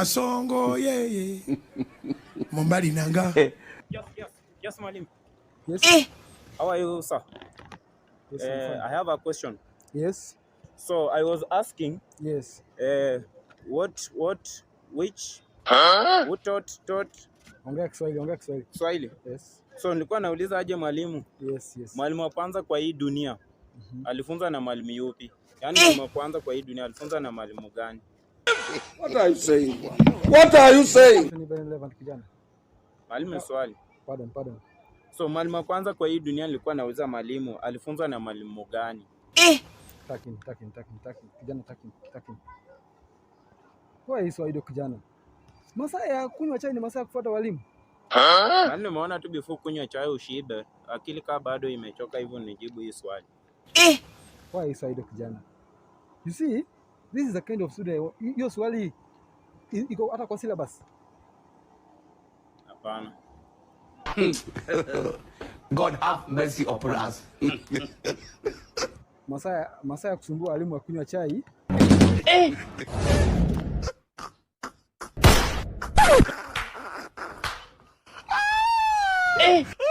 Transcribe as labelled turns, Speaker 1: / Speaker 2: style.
Speaker 1: kasongo yeye Mombali nanga eh.
Speaker 2: yes, yes, yes, Yes. Eh. How are you, sir? Yes, uh, I have a question. Yes. So I was asking. Yes. Uh, what what which huh? what taught thought
Speaker 1: Ongea Kiswahili, ongea Kiswahili. Kiswahili. Yes.
Speaker 2: So nilikuwa nauliza aje mwalimu? Yes, yes. Mwalimu wa kwanza kwa hii dunia. Mm -hmm. Alifunza na mwalimu yupi? Yaani mwalimu wa kwanza kwa hii dunia alifunza na mwalimu gani?
Speaker 1: What are you saying? What are you saying?
Speaker 2: Mwalimu, swali. Pardon, pardon. So mwalimu wa kwanza kwa hii dunia alikuwa anauza mwalimu, alifunzwa na mwalimu gani?
Speaker 1: Eh. Takin, takin, takin, takin. Kijana takin, takin. Kwa hii swali kijana. Masaa ya kunywa chai ni masaa ya kufuata walimu.
Speaker 2: Ah? Umeona tu bifu kunywa chai ushibe, akili kaa bado imechoka hivyo nijibu hii swali.
Speaker 1: Eh. Kwa hii swali kijana. You see? This is the kind of student. Hiyo swali iko hata kwa syllabus? Hapana. God have mercy upon us. Masaya, masaya ya kusumbua walimu wa chai. Eh! Eh!